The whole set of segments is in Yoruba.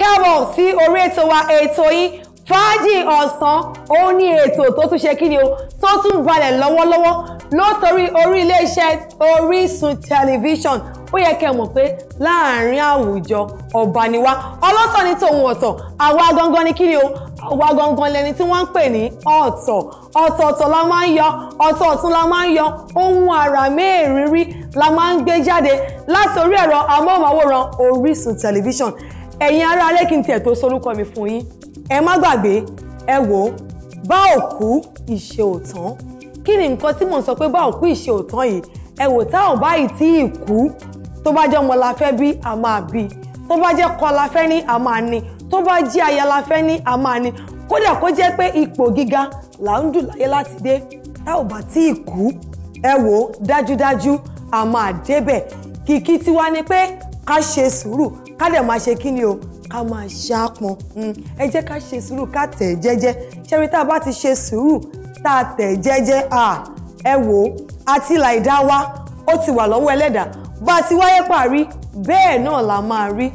káàbọ̀ sí orí ètò wa ètò yìí fàájì ọ̀sán ó ní ètò tó tún ṣe kí ni o tó tún balẹ̀ lọ́wọ́lọ́wọ́ lótorí orí iléeṣẹ́ Orísun tẹlifíṣọ̀n ó yẹ kẹ́ mọ̀ pé láàrin àwùjọ ọba ni wá ọlọ́tọ̀ ní tòun ọ̀tọ̀ àwa gangan ni kí ni o àwa gangan lẹni tí wọ́n ń pè ní ọ̀tọ̀ ọ̀tọ̀ọ̀tọ̀ la máa ń yọ ọ̀tọ̀ ọ̀tún la máa ń yọ ohun àrà mẹ́ẹ̀ẹ́rírí la máa ń gbé jáde láti orí ẹ̀rọ amóhùnmáwòrán Orísun tẹlifíṣọ̀n ẹ̀yin ará alẹ́ kí n tiẹ̀ tó sorúkọ mi fún yín ẹ má gbàgbé ẹ wò ó bá òkú ìṣe òtán kí ni nǹkan tí mò ń sọ pé bá òkú ìṣe òtán yìí ẹ wò táwọn báyìí tí ì kú tó bá jẹ́ ọmọ la bí a máa bí tó bá jẹ́ kọ́ la fẹ́ ní a máa ní tó bá jẹ́ aya la fẹ́ ní a máa ní kódà kó jẹ́ pé ipò gíga là ń dùn láyé láti dé tá bá tí ì kú ẹ wò ó dájúdájú a máa débẹ̀ kìkì tiwa ni pé ká ṣe sùúrù ká dẹ̀ máa ṣe kí ni o ká máa ṣàpọn hmm. ẹ jẹ́ ká ṣe sùúrù ká tẹ̀ jẹ́jẹ́ ṣẹ́rí tá a bá ti ṣe sùúrù tá a tẹ̀ jẹ́jẹ́ ẹ wò ó àti là ìdá wa ó ti wà lọ́wọ́ ẹlẹ́dàá bá a ti wáyé parí bẹ́ẹ̀ náà la máa rí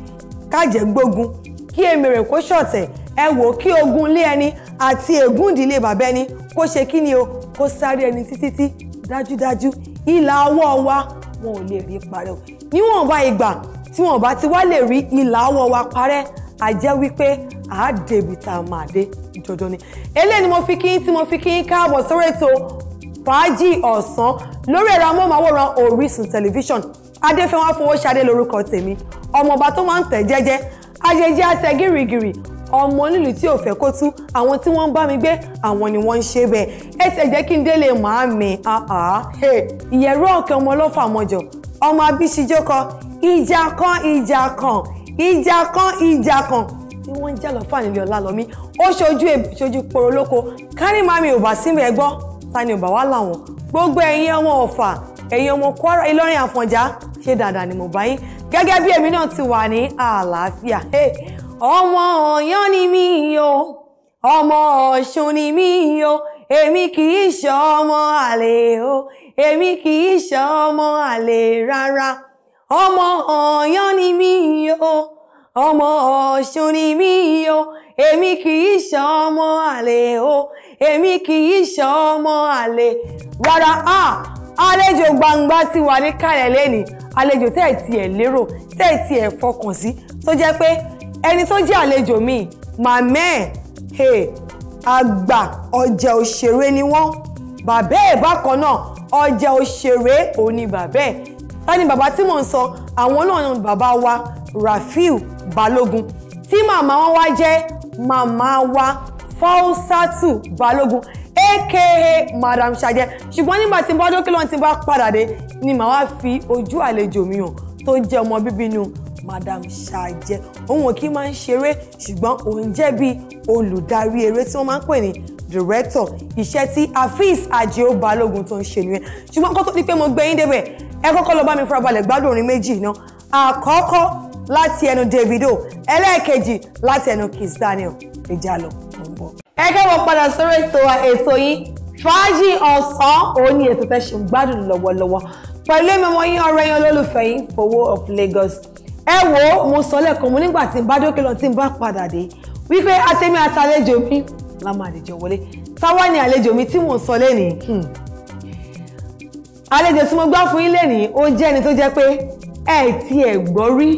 kájẹ́ gbógun kí èmèrè kó ṣọ̀tẹ̀ ẹ wò ó kí ogun lé ẹni àti ègún ìdílé bàbá ẹni kó ṣe kí ni o kó sáré ẹni títí dájúdájú ìlà ọwọ́ wa wọn ò lè rí parẹ́ o níwọ̀nba ìgbà tí wọn bá ti wá lè rí ìlà ọwọ́ wa parẹ́ a jẹ́ wípé a dèbí tá a máa dé jọjọ ni eléyìí ni mo fi kí tí mo fi kí káàbọ̀ sórí ètò fàájì ọ̀sán lórí ẹ̀rọ amóhùnmáwòrán Orísun tẹlifíṣọ̀n adéfẹ́wọ́n afọwọ́ṣadé lórúkọ tèmi ọmọọba tó máa ń tẹ̀ jẹ́jẹ́ ajẹjẹ́ àtẹ gírígírí ọmọ nílùú tí ò fẹ́ kó tú àwọn tí wọ́n ń bá mi gbé àwọn ni wọ́n ń ṣe bẹ́ẹ̀ ẹ tẹ̀ jẹ́ kí n délé màá mi ìyẹ̀rọ ọ̀kẹ́ ọmọ ọlọ́fà mọ́jọ ọmọ abíṣijókọ ìjà kan ìjà kan ìjà kan ìjà kan tí wọ́n ń jà lọ́fà nílé Ọlálọ́mí ó ṣojú èbí ṣojú porolóko kárí mami ò bá sími ẹ gbọ́ ta ni ò bá wá làwọn gbogbo ẹ̀yin ọmọ Ọ̀fà ẹ̀yin ọmọ Kwara Ìlọrin Àfọ̀njá ṣe dáadáa ni mo bá yín gẹ́gẹ́ bí èmi náà ti wà ní àlàáfíà ọmọ Ọ̀yọ́ ni mí o ọmọ Ọ̀ṣun ni mí o èmi kì í ṣe ọmọ àlè o èmi kì í ṣe ọmọ àlè rárá ọmọ ọ̀yọ́ ni mí o ọmọ ọ̀ṣun ni mí o èmi kì í ṣe ọmọ àlè o èmi kì í ṣe ọmọ àlè rárá a àlejò gbangba ti wà ní kàlẹ̀ lẹ́nìí àlejò tẹ́ ẹ̀ tiẹ̀ lérò tẹ́ ẹ̀ tiẹ̀ fọkàn sí tó jẹ́ pé ẹni tó jẹ́ àlejò mi màmẹ́ ẹ̀ àgbà ọ̀jẹ̀ òṣèré ni wọ́n bàbá ẹ̀ bákan náà ọ̀jẹ̀ òṣèré òní bàbá ẹ̀ ta ni bàbá tí mò ń sọ àwọn náà ni bàbá wa Rafiu Balogun. tí màmá wọn wá jẹ́ màmá wa Fausatu Balogun. aka Madam Ṣadé ṣùgbọ́n nígbà tí n bá dókè lọ́n tí n bá padà dé ni màá wá fi ojú àlejò mi hàn tó jẹ́ ọmọ bíbí inú Madam Ṣadé òun ò kí máa ń ṣeré ṣùgbọ́n òun jẹ́ bíi olùdarí eré tí wọ́n máa ń pè ní director iṣẹ́ tí Afeez Àjẹó Balógun tó ń ṣe nìyẹn ṣùgbọ́n kó tó di pé mo gbé débẹ̀ ẹ kọ́kọ́ lọ bá mi farabalẹ̀ gbádùn orin méjì náà àkọ́kọ́ láti ẹnu Davido ẹlẹ́ẹ̀kejì láti ẹnu Kiss Daniel ìjà lọ tó ń bọ̀. ẹ kẹ́wọ́ padà sórí ètò ètò yìí fàájì ọ̀sán òun ni ètò tẹ́ ṣe ń gbádùn lọ́wọ́lọ́wọ́ pẹ̀lú èmi yín ọ̀rẹ́ yín olólùfẹ́ yín Fowó of Lagos ẹ wo mo sọ lẹ́ẹ̀kan mo nígbà tí n bá dókè lọ tí n bá padà dé wípé atẹ́mi àtàlejò mi la máa wọlé táwa ni àlejò mi tí mò ń sọ lẹ́nìí hmm àlejò tí mo gbọ́ fún yín lẹ́nìí ó jẹ́ ẹni tó jẹ́ pé ẹ ti ẹ̀ gbọ́ rí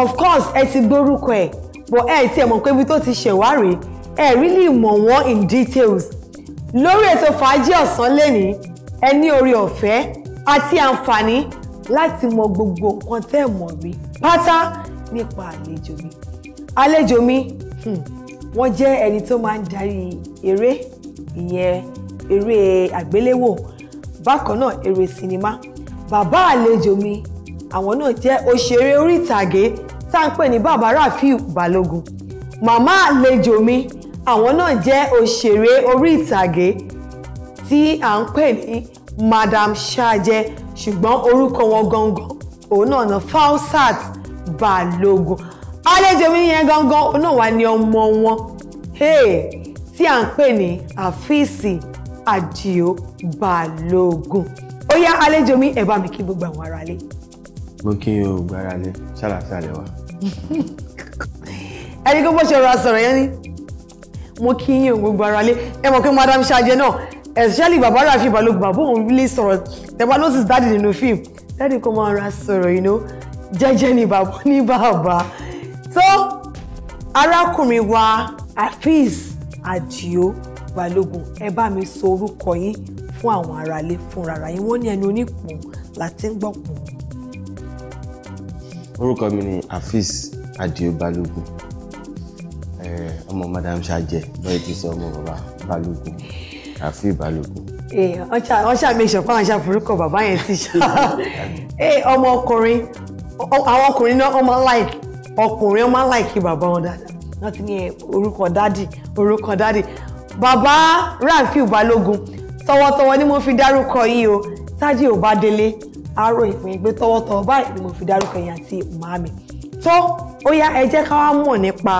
of course ẹ ti gbórúkọ ẹ̀ but ẹ ti ẹ̀ mọ̀ pé ibi tó ti ṣèwárí ẹ really mọ̀ wọ́n in details lórí ètò fàájì ọ̀sán lẹ́nìí ẹ ní orí ọ̀fẹ́ àti àǹfààní láti mọ gbogbo nǹkan tẹ́ ẹ̀ mọ̀ rí pátá nípa àlejò mi àlejò mi hmm, wọ́n jẹ́ ẹni tó máa ń darí eré ìyẹn eré àgbéléwò bákan náà èrè sinimá bàbá àlejò mi àwọn náà jẹ́ òṣèré orí ìtàgé tá à ń pè ní bàbá Rafiu Balógun màmá àlejò mi àwọn náà jẹ́ òṣèré orí ìtàgé tí à ń pè ní Madam Ṣáájẹ ṣùgbọ́n orúkọ wọn gangan òun náà ná Falsat Balógun àlejò mi yẹn gangan òun náà wà ní ọmọ wọn tí à ń pè ní Àfíìsì àdìo balógun ó yá àlejò mi ẹ bá mi kí gbogbo àwọn ará lé. mo kí o gbára lé ṣàlàsà lẹwà. ẹni kó bó ṣe rọra sọ̀rọ̀ yẹn ni mo kí yín o gbogbo ará lé ẹ mọ̀ pé madam ṣáájẹ náà especially bàbá fi balógun bàbá òun lè sọ̀rọ̀ tẹ́gbà ló sì dáàdì nínú fíìmù dáàdì kó máa ra sọ̀rọ̀ yìí jẹ́jẹ́ ni bàbá ní bàbá tó arákùnrin wa Afeez Adio balógun ẹ bá mi sọ orúkọ yín fún àwọn aráalé fúnra ara yín wọ́n ní ẹni onípùn láti ń gbọ̀pùn. orúkọ mi ni afis adio balógun ọmọ madam ṣàjẹ lọ́yẹ̀ tí sọ ọmọ bàbá balógun àfi balógun. wọ́n ṣàmì ìṣọ̀kan àwọn aṣàforúkọ bàbá yẹn ti ṣá ọmọ ọkùnrin àwọn ọkùnrin náà ọmọ like ọkùnrin ọmọ like bàbá wọn dáadáa láti ní orúkọ dádì orúkọ dádì bàbá Rafiu Balógun tọwọ́tọwọ́ ni mo fi dárúkọ yìí o Tájí Òbádélé àárò ìpín ìgbé tọwọ́tọwọ́ báyìí ni mo fi dárúkọ yìí àti màámi tó ó yá ẹ jẹ́ ká wá mọ̀ nípa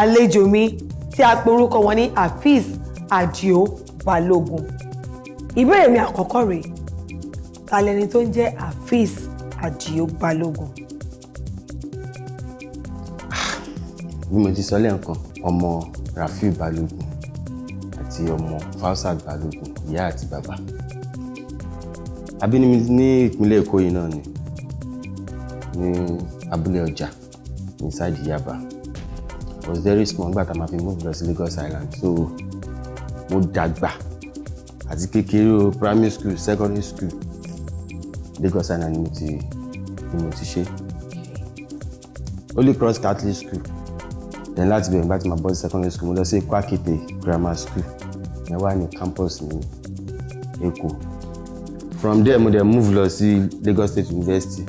àlejò mi tí a pe orúkọ wọn ní Afeez Adio Balógun ìbéèrè mi àkọ́kọ́ rèé ta lẹni tó ń jẹ́ Afeez Adio Balógun. Ah, bí mo ti sọ lẹ́ẹ̀kan ọmọ Rafiu Balógun àti ọmọ fáwọsà gbàlógún ìyá àti bàbá abínibí ní ìpínlẹ̀ èkó yìí náà ni ní abúlé ọjà ní sáàjì yaba was very small nígbà tá a máa fi move lọ sí Lagos Island so mo dàgbà àti kékeré o primary school secondary school Lagos Island ni mo ti ni mo ti ṣe Holy Cross Catholic School then láti bẹ̀rẹ̀ nígbà tí màá bọ́ sí secondary school mo lọ sí Kwakete Grammar School yẹn wà ní campus ní Èkó from there mo dẹ̀ move lọ sí Lagos State University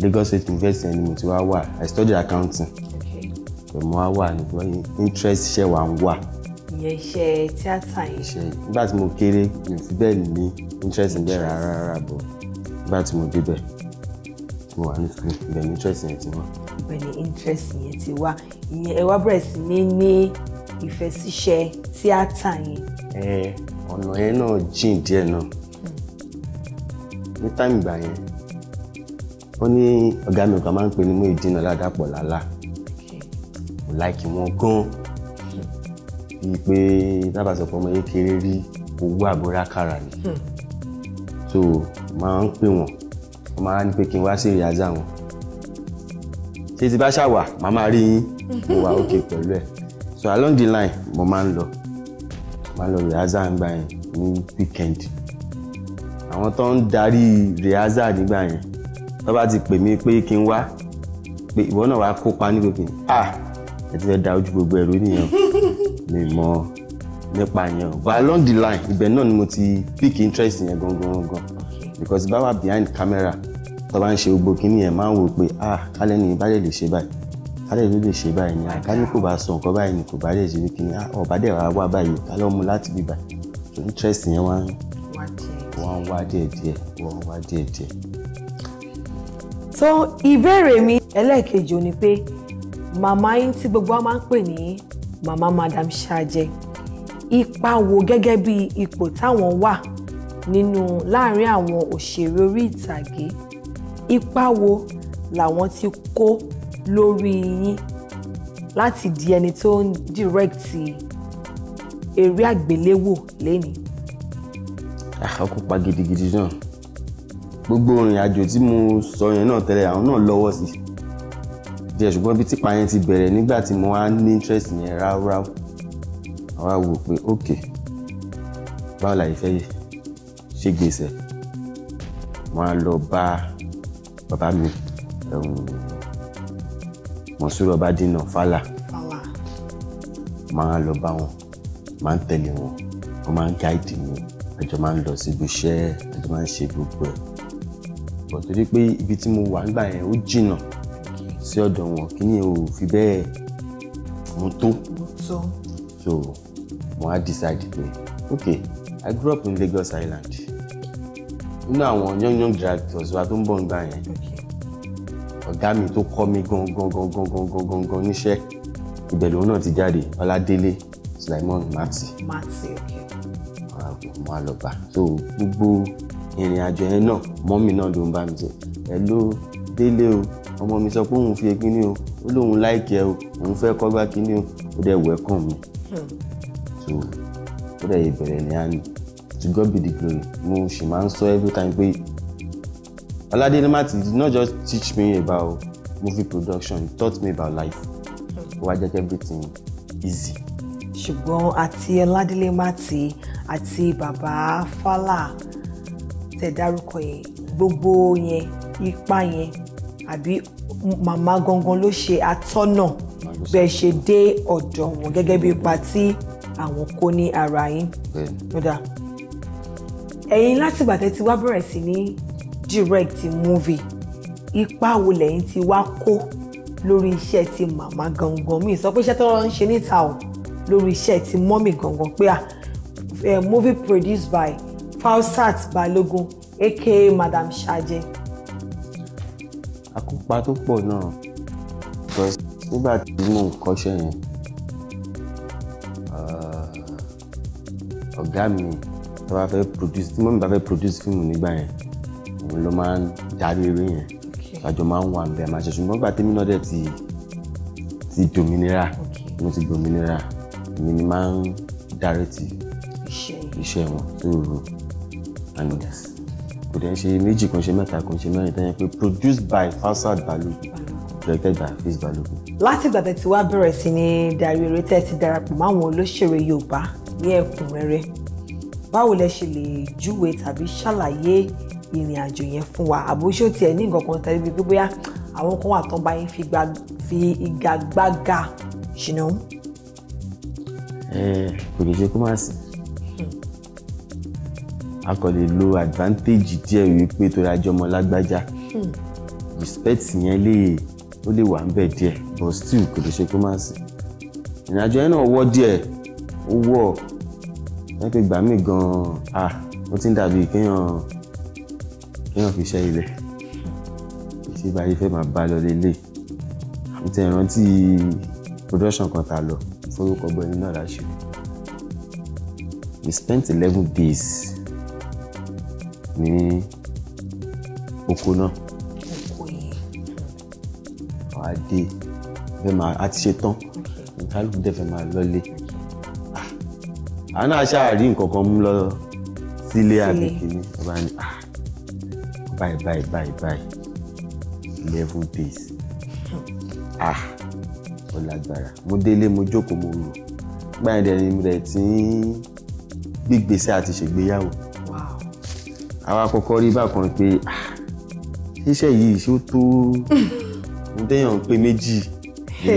Lagos State University ni mo ti wá wà I study accounting pẹ̀lú wa wà nígbà interest ṣe wà ń wà. ìyẹn iṣẹ́ tíátà yìí. iṣẹ́ nígbà tí mo kéré mi fi bẹ́ẹ̀ ní interest bẹ́ẹ̀ rárá rárá bọ̀ nígbà tí mo débẹ̀ mo wà ní school ibẹ̀ ni interest yẹn ti wá. ibẹ̀ ni interest yẹn ti wá ìyẹn ẹ wá bẹ̀rẹ̀ sí ní ní ìfẹ́ síṣẹ́ tíátà yẹn. ẹ ọ̀nà yẹn náà jìn díẹ̀ náà ní táìmù ìgbà yẹn ó ní ọ̀gá mi ọ̀gá máa ń pè ní mú ìdínà ládàpọ̀ lálá mo láìkì wọn gan-an bíi pé lábàṣọpọ̀ ọmọ yẹn kéré rí owó àgbóra kára ni hmm. so máa ń pè wọ́n wọ́n máa ń pè kí n wá sí ìyáza wọn ṣé ti bá ṣàwà màá máa rí yín mo wà òkè pẹ̀lú ẹ̀ so along the line mo máa ń lọ máa ń lọ rehearsal nígbà yẹn ní weekend àwọn tó ń darí rehearsal nígbà yẹn tó bá ti pè mí pé kí n wá pé ìwọ náà wàá kópa ní gbogbo ah ẹ ti fẹ́ da ojú gbogbo ẹ̀rọ nìyẹn mi mọ̀ nípa yẹn o but along the line ibẹ̀ náà ni mo ti pick interest yẹn gangan gangan because bá behind camera tó bá ń ṣe gbogbo kínní yẹn máa ń wò pé ah kálẹ̀ nìyí bá lè lè ṣe báyìí alẹ́ ló lè ṣe báyìí ni àká ní kò bá sọ nǹkan báyìí ni kò bá lè ṣe bí kíni ah, ọba dẹ̀ wá wá báyìí ká ló mú láti bí bá so interest yẹn wá wọ́n wá díẹ̀ díẹ̀ wọ́n wá díẹ̀ díẹ̀. so ìbéèrè mi ẹlẹ́ẹ̀kejì ò ní pé màmá yín tí gbogbo wa máa ń pè ní màmá madam ṣáájẹ ipa wo gẹ́gẹ́ bí ipò táwọn wà nínú láàárín àwọn òṣèré orí ìtàgé ipa wo làwọn ti kó lórí yín láti di ẹni tó ń dírẹ́kìtì eré àgbéléwò lénìí. àkókò ah, pa gidigidi náà gbogbo ìrìn àjò tí mo sọ yẹn náà tẹ́lẹ̀ àwọn náà lọ́wọ́ sí díẹ̀ ṣùgbọ́n bí típa yẹn ti bẹ̀rẹ̀ nígbà tí mo wá ní interest yẹn ráúráú àwa wò pé ok báwo la yìí fẹ́ yìí ṣe gbèsè wọn á lọ bá bàbá mi mọ̀súrù ọba dínà fálà máa lọ bá wọn máa ń tẹ̀lé wọn wọ́n máa ń gáìdì mi àjọ máa ń lọ síbi iṣẹ́ àjọ máa ń ṣe gbogbo ẹ̀ bọ̀ torí pé ibi tí mo wà nígbà yẹn ó jìnà sí ọ̀dọ̀ wọn kí ni ò fi bẹ́ẹ̀ mú tó so mo á decide pé ok I grew up in Lagos Island nínú àwọn young young directors wa tó ń bọ̀ nígbà yẹn. Okay ọ̀gá mi tó kọ́ mi gangan gangan gangan gangan níṣẹ́ ibẹ̀ lòun náà ti jáde Ọládélé Sulaimon Mati. Mati ok. mo á lọ bá so gbogbo ìrìn àjò yẹn náà mọ́mì náà ló ń bá mi ṣe ẹ ló délé o ọmọ mi sọ pé òun fi kíní o ó lóun láìkẹ́ o òun fẹ́ kọ́gbá kíní o ó dẹ̀ wẹ́kàn mi hmm. so ó dẹ̀ ìbẹ̀rẹ̀ ní àná to God be the glory mo sì máa ń sọ every time pé Oladele Mati did not just teach me about movie production he taught me about life Why did everything easy. ṣùgbọ́n àti Oladele Mati àti bàbá Fálà tẹ̀ dárúkọ yẹn gbogbo yẹn ipa yẹn àbí màmá gangan ló ṣe atọ́nà bẹ́ẹ̀ ṣe dé ọ̀dọ̀ wọn gẹ́gẹ́ bí ipa tí àwọn kó ní ara yín. ẹ̀yin látìgbà tẹ́ wá bẹ̀rẹ̀ sí ní direct movie ipa wo lẹ́yìn ti wá kó lórí iṣẹ́ ti màmá gangan mi sọ pé iṣẹ́ tó ń ṣe níta o lórí iṣẹ́ ti mọ́mì gangan pé à movie produced by Falsat Balogun aka Madam Ṣajẹ. àkópa tó pọ̀ náà because nígbà tí mò ń kọ́ṣẹ́ yẹn uh, ọ̀gá mi tí wọ́n bá fẹ́ produce bá fẹ́ produce fíìmù nígbà yẹn òun ló máa ń darí eré yẹn àjọ máa ń wà níbẹ̀ máa ṣe ṣùgbọ́n gbà tèmi náà dẹ̀ ti ti dominira mo ti dominira èmi ni máa ń darí ti iṣẹ́ wọn tó rò and kò dẹ̀ ń ṣe méjì kan ṣe mẹ́ta kan ṣe mẹ́rin tẹ́yẹ pé produced by Farsad Balogun directed by Hafiz Balogun. láti ìgbà tẹ́ ti wá bẹ̀rẹ̀ sí ní darí eré tẹ́ ti darapọ̀ máwọn olóṣèré Yorùbá ní ẹ̀kúnrẹ́rẹ́ báwo lẹ ṣe lè júwe tàbí ṣàlàyé ìrìn àjò yẹn fún wa àbò ṣé ó tiẹ̀ ní nǹkan kan tẹ̀lé bíi bóyá àwọn kan wà tán bá yín fi igagbága ṣìnà. ẹ kò lè ṣe kó má sí a kò lè lo advantage díẹ̀ wípé torí ajọ́ ọmọ lágbájá hmm. respect yẹn lè ó lè wà ń bẹ̀ díẹ̀ but still kò lè ṣe kó má sí ìrìnàjò yẹn náà wọ́ díẹ̀ ó wọ̀ ẹ pé gbà gan-an ah ó ti ń dàbí kéèyàn náà fi ṣẹ́ ilẹ̀ ṣé báyìí fẹ́ máa bá lọ lélẹ̀ mo ti production kan ta lọ forúkọ bọ náà láṣẹ we spent eleven days ní oko náà wàá dé fẹ́ máa a ti ṣe tán kálukú dẹ̀ fẹ́ máa lọ́lé ah, àwọn náà ṣáà rí nǹkan kan mú lọ sílé àbí kìíní ọba ni ah Bye bye bye bye. eleven days hmm. ah ó lágbára mo délé mo jókòó mo rò gbáyìn dẹ̀ ni mo dẹ̀ ti ń gbígbèsè àti ṣègbéyàwó àwa kọ́kọ́ rí bákan pé ah, ṣíṣe yìí ṣó tó ń téèyàn pé méjì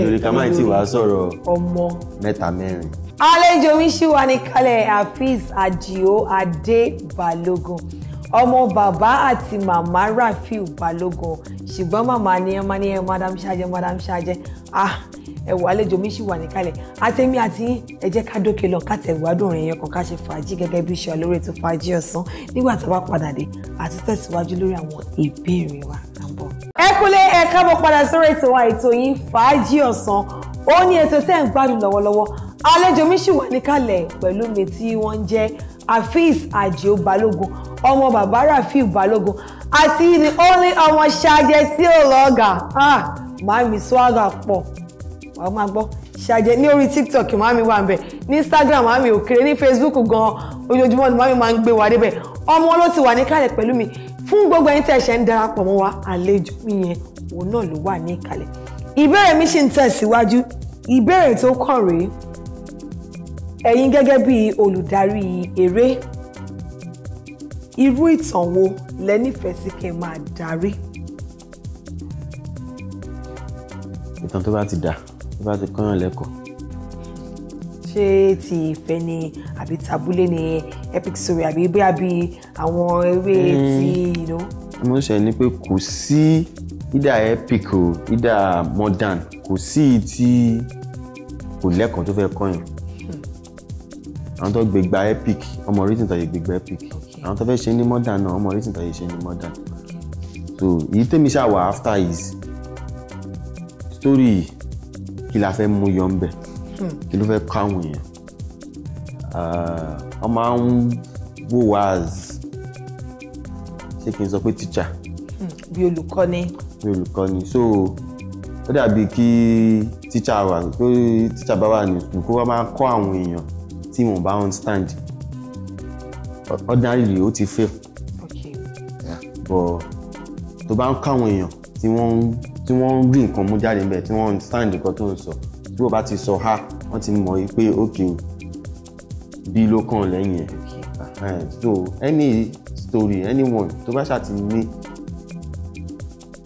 lórí ká máa ti wàá sọ̀rọ̀ ọmọ mẹ́ta mẹ́rin. àlejò mi ṣì wà ní kalẹ̀ Hafiz Adio Adé Balógun ọmọ bàbá àti màmá Rafiu Balógun ṣùgbọ́n màmá ni ẹ máa ní ẹ madam ṣáájẹ madam ṣáájẹ ah ẹwọ àlejò mi ṣì wà níkàlẹ̀ àtẹmí àti ẹ jẹ́ ká dókè lọ ká tẹ̀wádùn rẹ̀ yẹn kan ká ṣe fàájì gẹ́gẹ́ bí iṣẹ́ olórí ètò fàájì ọ̀sán nígbà tá a bá padà dé àti tẹ̀síwájú lórí àwọn ìbéèrè wa à ń bọ̀. ẹ kúlé ẹ káàbọ̀ padà sórí ètò wa ètò yìí fàájì ọ̀sán ó ní ètò tẹ́ ń gbádùn lọ́wọ́lọ́wọ́ àlejò mi ṣì wà níkàlẹ̀ pẹ̀lú mi tí wọ́n jẹ́ Afeez Àjìó Balógun ọmọ bàbá Rafiu Balógun àti the only ọmọ ṣáájẹ tí ò lọ́gà ah, màámi swaga pọ̀ wàá máa gbọ́ ṣáájẹ ní orí TikTok màámi wà nbẹ̀ ní Instagram màámi òkèrè ní Facebook gan ojoojúmọ́ ni màámi máa ń gbé wa débẹ̀ ọmọ ló ti wà ní kálẹ̀ pẹ̀lú mi fún gbogbo ẹni tí ẹ ń darapọ̀ mọ́ wa àlejò mi yẹn òun náà ló wà ní ìkàlẹ̀ ìbéèrè mi ṣì ń tẹ̀síwájú ìbéèrè tó kàn rèé ẹ̀yin gẹ́gẹ́ bí olùdarí eré irú ìtàn wo lẹ nífẹ̀ẹ́ sí kí n máa darí. ìtàn tó bá ti dà tó bá ti kọ́yàn lẹ́kọ̀ọ́. ṣé ti ìfẹ́ ni àbí tabulé ni epic story àbí bóyá bí àwọn eré hmm. tí. mo ń ṣe ni pé kò sí ìdá epic o ìdá modern kò sí ti kò lẹ́kọ̀ọ́ tó fẹ́ kọ́yàn hmm. àwọn tó gbégbá epic ọmọ orí tìǹtà yìí gbégbá epic àwọn tó fẹ́ ṣe ní modern náà ọmọ reason tó yẹ ṣe ní modern so èyí tèmi ṣáà wà after is story kí la fẹ́ mú yọ ń bẹ̀ hmm. kí ló fẹ́ kọ́ àwọn èèyàn ah, wọ́n máa ń wò wá ṣé kí n sọ pé teacher. Hmm, bí olùkọ́ni. bí olùkọ́ni so ó dàbí kí teacher wà kí teacher bá wà ní school kó wá máa kọ́ àwọn èèyàn tí wọ́n bá understand. Mm ordinarily ó ti fail okay. yeah. but tó bá ń káwọn èèyàn tí wọ́n tí wọ́n ń rí nǹkan mú jáde níbẹ̀ tí wọ́n understand nǹkan tó ń sọ bí o bá ti sọ ha wọ́n ti mọ̀ pé ok bí ló kàn lẹ́yìn ẹ̀ so any story anyone tó bá ṣáà ti ní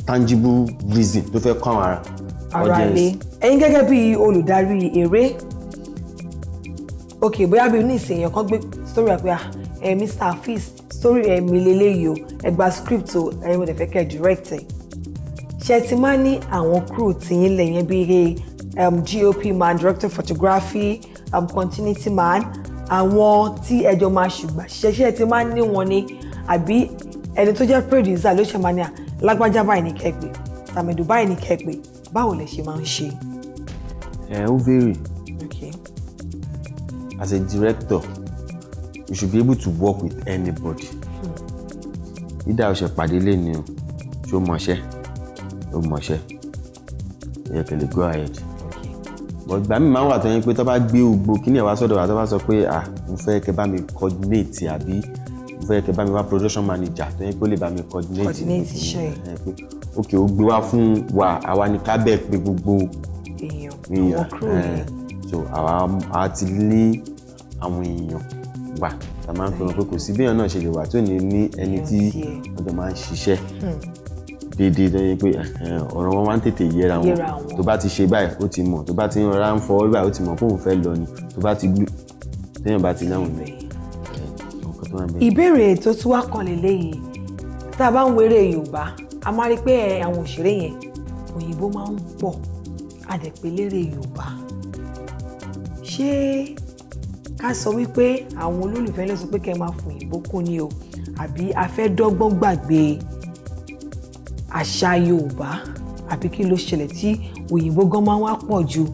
tangible reason tó fẹ́ kàn ara audience. ẹ̀yin gẹ́gẹ́ bí olùdarí eré ok bóyá bí ní ìsìn èèyàn kan gbé story àpé ah ẹ eh, Mr Hafiz story ẹ eh, mi leléyìí o ẹ gba script o ẹ̀yin mo dẹ̀ fẹ́ kẹ́ direct ẹ̀ ṣe ti máa ní àwọn crew tìyín lẹ́yìn bíi um, GOP man director photography um, continuity man àwọn tí ẹjọ́ máa ṣùgbà ṣẹṣẹ́ ti máa ń ní wọn ni àbí ẹni tó jẹ́ producer ló ṣe máa ní à lágbájá báyìí ní kẹ́pẹ́ tàmẹ̀dù báyìí ní kẹ́pẹ́ báwo lẹ ṣe máa ń ṣe. ẹ eh, ó béèrè as a director you should be able to work with anybody either o ṣe pàdé lẹ́ni o ṣé o mọ̀ṣẹ́ o mọ̀ṣẹ́ ẹ kẹlẹ̀ go ahead but gbàmí máa ń wà tó yẹn pé tó bá gbé gbogbo kíní ẹ̀ wa tó sọ pé ah mo fẹ́ kẹ́ bá mi coordinate e àbí mo fẹ́ kẹ́ bá mi wá production manager tó yẹn pé ó lè bá mi coordinate e. coordinate ṣe é ok o gbé wá fún wa awa ni ká pe pé gbogbo èèyàn àwọn so àwa á ti lé àwọn èèyàn wà tá a máa ń fi hàn pé kò sí béèyàn náà ṣe lè wà tí ò ní ní ẹni tí wọ́n jọ máa ń ṣiṣẹ́ hmm. déédéé tó yẹ pé eh, ọ̀rọ̀ wọn máa ń tètè yẹra wọn tó bá ti ṣe báyìí ó ti mọ̀ tó bá ti ń rọra ń fọwọ́ báyìí ó ti mọ̀ fóun fẹ́ lọ ni tó bá ti gbú téèyàn bá ti láwọn ilẹ̀ ọkọ̀ tó máa bẹ̀rẹ̀. ìbéèrè tó tún wá kan lélẹ́yìí tá a bá ń wéré Yorùbá a máa rí pé eh, àwọn òṣèré yẹn òyìnbó máa ń pọ̀ adẹ̀pẹ̀lẹ́rẹ̀ Yorùbá ṣé ká sọ wípé àwọn olólùfẹ́ lè sọ pé kẹ́ ẹ máa fún òyìnbó kún ni o àbí a fẹ́ dọ́gbọ́n gbàgbé àṣà yorùbá àbí kí ló ṣẹlẹ̀ tí òyìnbó gan máa ń wá pọ̀ ju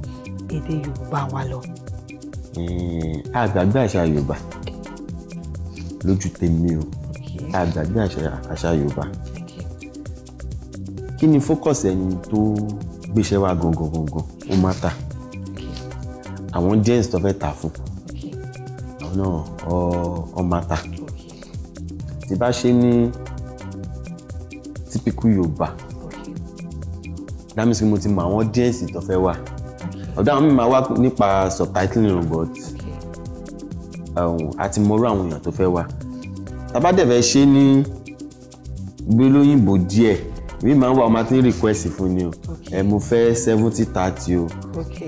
èdè yorùbá wa lọ. àgbàgbé àṣà yorùbá lójú tèmi o àgbàgbé àṣà yorùbá kí ni fókọ̀sì ẹni tó gbéṣẹ́ wa gangan gangan ó má ta àwọn jẹ́ǹsì tó fẹ́ tà fún un ọ̀nà ọ̀màtà tí bá ṣe ní typical Yorùbá that means mo ti mọ àwọn díẹ̀nsì tó fẹ́ wà ọ̀dọ̀ àwọn mi máa wá nípa subtitling but àti um, mọ̀rú àwọn èèyàn tó fẹ́ wà tàbá dẹ̀ fẹ́ ṣe ní gbólóyìnbó díẹ̀ mi máa ń wá ọmọ tí ń request fún ni o ẹ mo fẹ́ seventy thirty o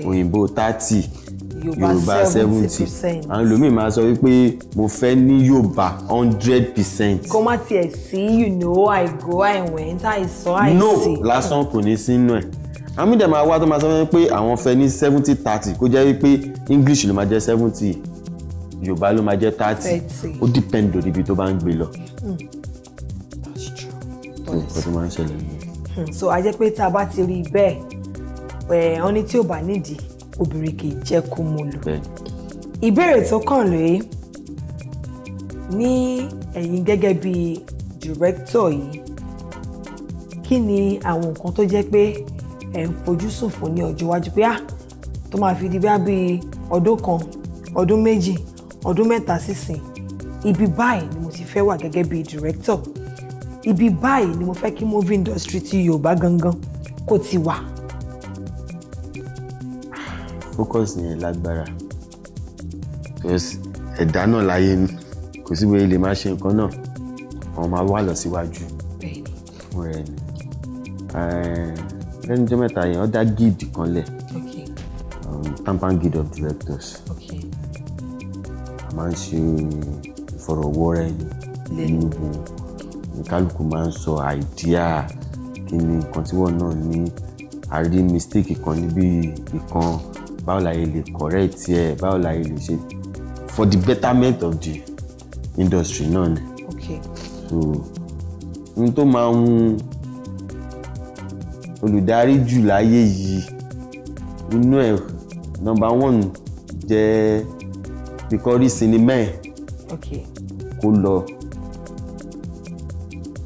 òyìnbó thirty yorùbá seventy percent. àwọn lomi máa sọ wípé mo fẹ́ ní yorùbá hundred percent. kó má tiẹ̀ sí you know i go i went i saw i no, see. no lásán kò ní sínú ẹ̀ àmì dẹ̀ máa wá tó máa sọ fún mi pé àwọn fẹ́ ní seventy thirty kó jẹ́ wípé english ló máa jẹ́ seventy yorùbá ló máa jẹ́ thirty ó depend on ibi tó bá ń gbé lọ. Hmm. that's true. Hmm, nǹkan tó máa ń ṣẹlẹ̀ nìyẹn. Hmm, so a jẹ́ pé tá a bá ti rí bẹ́ẹ̀ ẹ̀ eh, ọ́ ní tí ò bá nídìí obìnrin kì í jẹ́ kó mu lò. ìbéèrè tó kàn lóye ní ẹ̀yin gẹ́gẹ́ bí dìrẹ́kítọ̀ yìí kí ni àwọn nǹkan tó jẹ́ pé ẹ̀ ń fojú sùn fún ní ọjọ́ iwájú pé ah tó máa fi di bí ọdún kan ọdún méjì ọdún mẹ́ta sísìn ibi báyìí ni mo ti fẹ́ wà gẹ́gẹ́ bí dìrẹ́kítọ̀ ibi báyìí ni mo fẹ́ kí movie industry ti Yorùbá gangan kó ti wà focus yẹn lágbára because ẹ̀dá náà láyé ni kò síbi ilé máa ṣe nǹkan náà àwọn máa wà lọ síwájú fún rẹ ni lẹ́nu jẹ́ mẹ́ta yẹn ó dá guild kan lẹ̀ um, tampan guild of directors a máa ń ṣe ìfọ̀rọ̀wọ́rẹ́yìn lẹ́nu ìbò kálukú máa ń sọ àìdíà kí ni nǹkan tí wọ́n náà ní àrí mistake kan níbi ìkan báwo la yẹ lè correct ẹ báwo la yẹ lè ṣe for the betterment of the industry náà ni. okay. so n tó máa ń olùdarí jù láyé yìí inú ẹ nọ́mbà one jẹ bíkọ́rí sinimá ẹ okay. kó lọ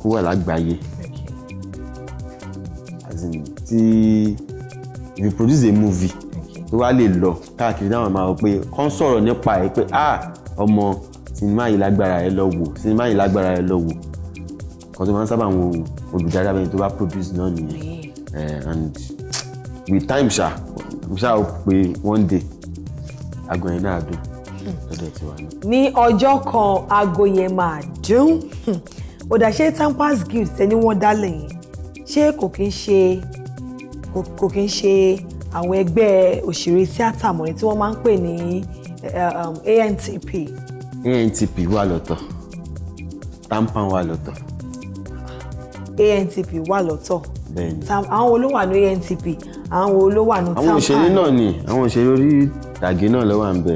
kó wà lágbàáyé okay. as in ti if produce a movie tó wá lè lọ káàkiri táwọn máa wọ pé kán sọ̀rọ̀ nípa ẹ̀ pé ah ọmọ sinimá yìí lágbára ẹ lọ wò sinimá yìí lágbára ẹ lọ wò kan tó máa ń sábà àwọn olùdarí abẹ́yẹn tó bá produce náà nìyẹn eh, and with time ṣá ṣá o pé one day aago yẹn náà dùn hmm. lọ́dọ̀ tí wà náà. ní ọjọ́ kan aago yẹn máa dùn ọ̀dà hmm. ṣé Tampers Guild ẹni wọ́n dálẹ̀ yẹn ṣé kò kí ń ṣe kò kí ń ṣe àwọn ẹgbẹ́ òṣèré tíátà mọ̀ni tí wọ́n máa ń pè ní eh, um, ANTP. ANTP wà lọ́tọ̀ tampan wà lọ́tọ̀. ANTP wà lọ́tọ̀ àwọn wo ló wà ní ANTP àwọn wo ló wà ní tampan. àwọn òṣèré náà ni àwọn òṣèré orí ìtàgé náà ló wà ń bẹ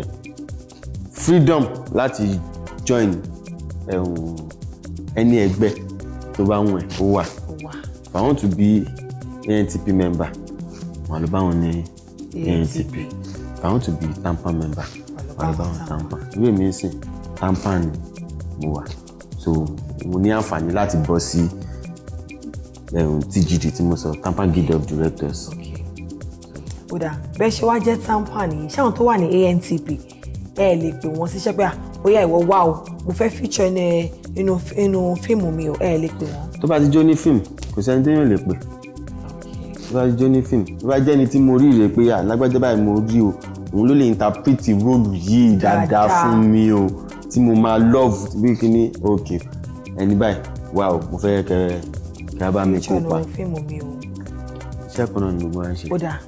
freedom láti join ẹni ẹgbẹ́ tó bá wọ̀n ẹ̀ ó wà I want to be ANTP member wọn ló bá wọn ní ANTP I want to be TAMPAN member wọn ló bá wọn TAMPAN ìwé mi ń sìn TAMPAN ni mo wà so mo ní àǹfààní láti bọ́ sí um, TGD tí mo sọ TAMPAN Guild of Directors. ó dà bẹ́ẹ̀ ṣe wá jẹ́ TAMPAN nìyí ṣáwọn tó wà ní ANTP ẹ lè pè wọ́n síṣẹ́ pé à bóyá ìwọ wá o mo fẹ́ feature inú fíìmù mi o ẹ lè pè wọ́n. tó bá ti jó ní fíìmù kò sẹ́ni tó yàn lè pè tó bá jẹ́ ní fíìmù tó bá jẹ́ ni tí mo rí rè pé alágbájá báyìí mo rí o òun ló lè interpret róòlù yìí dáadáa fún mi o tí mo máa love bí kíní ok ẹni báyìí wà o mo fẹ́ kẹ kí a bá mi kó pa iṣẹ́ kan náà ni mo máa ń ṣe. ó dà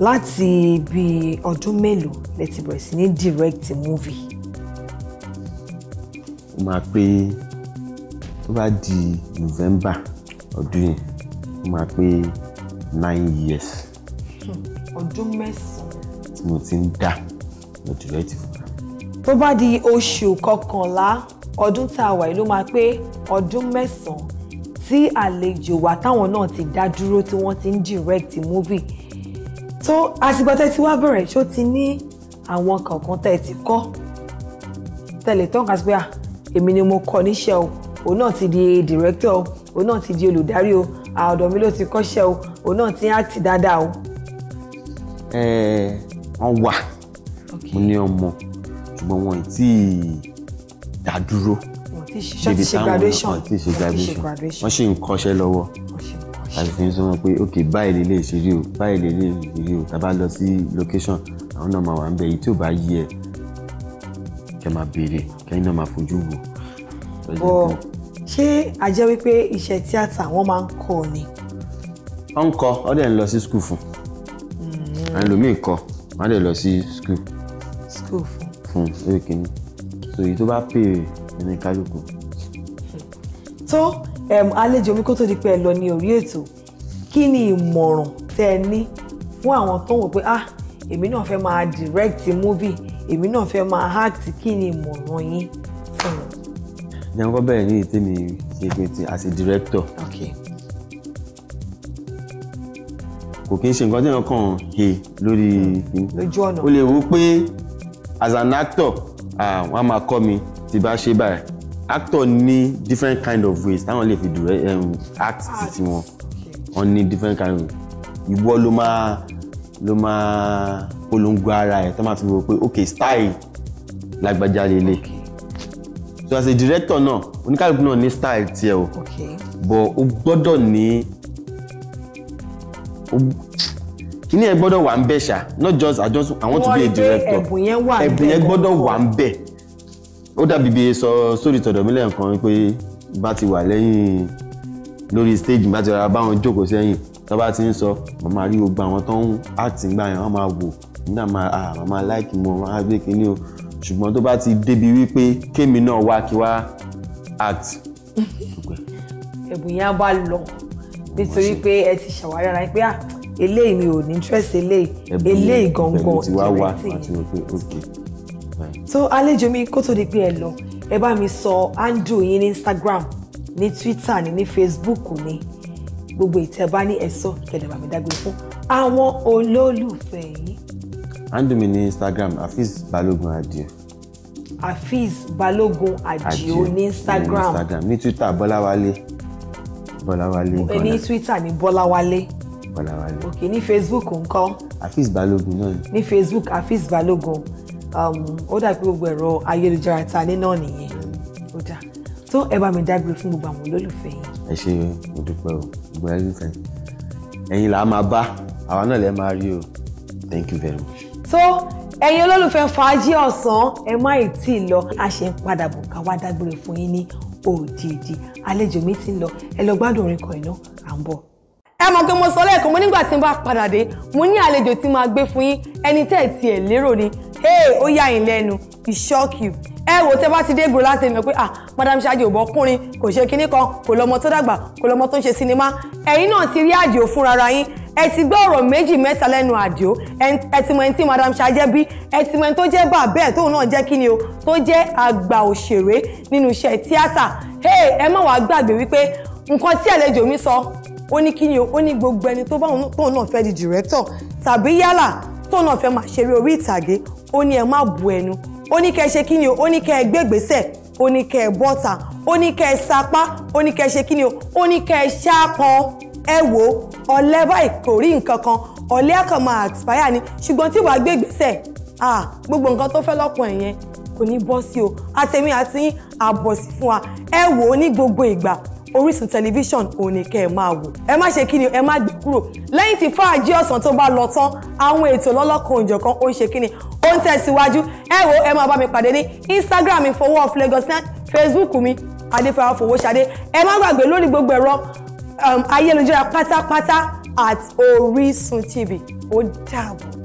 láti bíi ọdún mélòó lẹ bẹ̀rẹ̀ sí ní direct movie. ó máa pé tó bá di November ọdún yìí ó máa pé nine years. ọdún mẹ́sàn-án. tí mo ti ń dà lọ́dúnrẹ́tì fúnra. tó bá di oṣù kọkànlá ọdún tá a wà yìí ló máa pé ọdún mẹ́sàn-án tí àlejò wa táwọn náà ti dá dúró tí wọ́n ti ń direct movie tó àsìkò tẹ́ ti wá bẹ̀rẹ̀ ṣó ti ní àwọn kankan tẹ́ ti kọ́ tẹ́lẹ̀ tán kà sí pé à èmi ni mo kọ́ níṣẹ́ o òun náà ti di director o òun náà ti di olùdarí o ọ̀dọ̀ mi ló ti kọ́ṣẹ́ o òun náà ti ń àtì dáadáa o. ẹ ẹ wọn wà mo ní ọmọ ṣùgbọ́n wọn tí ì dádúró débi táwọn ọkọ ti ṣe graduation wọ́n sì ń kọ́ṣẹ́ lọ́wọ́ láti fi ń sọ wọn pé ok báyìí lè lè ṣe rí o báyìí lè lè rí o tá a bá lọ sí location àwọn náà máa wà ń bẹ èyí tí ò bá yí ẹ kẹ máa béèrè kẹyìn náà máa fojú wò ṣé a jẹ́ wípé iṣẹ́ tíátà wọ́n máa ń kọ́ ọ ni. wọ́n ń kọ́ ọ dẹ̀ ń lọ sí skul fún hmm. àwọn ẹlòmíín kọ́ wọ́n dẹ̀ lọ sí skul. fún. fún kìíní so èyí tó bá pè é ní kálukú. tó àlejò mi kó tó di pé ẹ lọ ní orí ètò kí ni ìmọ̀ràn tẹ́ ẹ ní fún àwọn tó ń wò pé ah èmi náà fẹ́ máa direct movie èmi náà fẹ́ máa act kí ni ìmọ̀ràn yín fún un jẹ́ kọ́kọ́ bẹ̀rẹ̀ ní ìtẹ́mi ṣe pé ti as a director. Okay. kò kí n ṣe nǹkan tí wọ́n kàn he lórí hmm. lójú ọ̀nà o lè wo pé as an actor wọ́n á máa kọ́ mi tí bá ṣe báyìí actor ní different kind of ways táwọn lè fi act títí wọn wọn ní different kind of ways ìwọ ló máa ló máa polongo ara ẹ tó máa fi wò pé ok style lágbájá lélẹ̀ so as a director náà oníkálùkù náà ní style tiẹ̀ o but o gbọ́dọ̀ ní kíní yẹn gbọ́dọ̀ wà ń ṣá not just i just i want to be a director ẹ̀bùn yẹn wà ń bẹ̀ ẹ̀bùn yẹn gbọ́dọ̀ wà ń bẹ̀ ó dàbí bí sọ sórí tọ̀dọ̀ mi pé bá ti wà lẹ́yìn lórí stage bá ti rà báwọn jókòó sẹ́yìn tó bá ti ń sọ màmá rí gbogbo àwọn tó ń àtìgbà yẹn wọ́n máa wò nígbà máa ah màmá láìkì mọ́ máa gbé kínní o ṣùgbọ́n tó bá ti débi wípé kémi náà wá kí wá act. ẹ̀bùn yẹn á bá lọ nítorí pé ẹ ti ṣàwárí ara pé eléyìí mi ò ní interest eléyìí eléyìí gangan ìrètí so àlejò mi kó tó di pé ẹ lọ ẹ bá mi sọ handle yín ní Instagram ní Twitter ní ní Facebook ní gbogbo ìtẹ́ bá ní ẹ̀sọ́ kẹlẹ̀ bàmídágbé fún àwọn olólùfẹ́ yín handle mi ní instagram afeez balogun adio. afeez balogun adio ní instagram. ní instagram ní twitter bọ́láwálé bọ́láwálé nkọ́lá. ní twitter ní bọ́láwálé. bọ́láwálé. ok ní facebook ńkọ́. afeez balogun náà. ní facebook afeez balogun um, ó dà pé gbogbo ẹ̀rọ ayélujára ta ní náà nìyẹn ó dà tó ẹ bá mi dágbére fún gbogbo àwọn olólùfẹ́ yìí. ẹ ṣe mo dúpẹ́ o gbogbo olólùfẹ́ ẹ̀yin là á máa bá àwa náà lè máa rí o thank you very much so ẹ̀yin olólùfẹ́ fàájì ọ̀sán ẹ má ì tí ì lọ a ṣe ń padà bọ̀ ká wá dágbére fún yín ní òjijì àlejò mi ti ń lọ ẹ lọ gbádùn orin kan iná à ń bọ̀. ẹ mọ̀ pé mo sọ lẹ́ẹ̀kan mo nígbà tí n bá padà dé mo ní àlejò tí máa gbé fún yín ẹni tẹ́ ẹ̀ tiẹ̀ lérò ni Hey, ó yà yín lẹ́nu it shock you ẹ wò tẹ bá ti dé gbòòrò láti mọ̀ pé ah madam ṣáájú òbọ̀ ọkùnrin kò ṣe kinní kan kò lọ́mọ tó dàgbà kò lọ́mọ tó ń ṣe sinimá ẹ̀yin náà ti rí àjò fúnra yín ẹ ti gbọ́ ọ̀rọ̀ méjì mẹ́ta lẹ́nu àdìó ẹ ti mọ ẹni tí madam ṣáájẹ́ bí ẹ ti mọ ẹni tó jẹ́ bàbá ẹ̀ tóun náà jẹ́ kí ni o tó jẹ́ àgbà òṣèré nínú iṣẹ́ tíátà ẹ má wàá gbàgbé wípé nǹkan tí àlejò mi sọ ó ní kí ni o ó ní gbogbo ẹni tó bá tóun náà fẹ́ di dìrẹ́tọ̀ tàbí yálà tóun náà fẹ́ máa ṣeré orí ìtàgé ó ní ẹ má bu ẹnu ó ní kẹ́ ẹ ṣe kí ni o ó ní kẹ́ ẹ gbégbèsẹ̀ ó ní kẹ́ ẹ bọ́ta ó ní kẹ́ ẹ sapá ó ní kẹ́ ṣe kí ni o ó ní kẹ́ ẹ ṣáàpọn ẹ wò ó ọ̀lẹ báyìí kò rí nǹkan kan ọ̀lẹ kan máa àtìpáyà ni ṣùgbọ́n tí wàá gbégbèsẹ̀ ah gbogbo nǹkan tó fẹ́ lọ́kàn ẹ̀yẹn kò ní bọ́ sí o àtẹ̀mí àti àbọ̀sí fún wa ẹ wò ó ní gbogbo ìgbà Orísun tẹlifíṣàn òní kẹ́ ẹ máa wò ẹ má ṣe kí ni ẹ má gbé kúrò lẹ́yìn tí fàájì ọ̀sán tó bá lọ tán àwọn ètò lọ́lọ́kan òjọ̀kan ó ń ṣe kí ni ó ń tẹ̀síwájú ẹ wo ẹ máa bá mi pàdé ní Instagram mi fowó of Lagos ní Facebook mi adéfẹ́wá ẹ má gbàgbé lórí gbogbo ẹ̀rọ um, ayélujára pátápátá at Orísun TV ó dàbọ̀.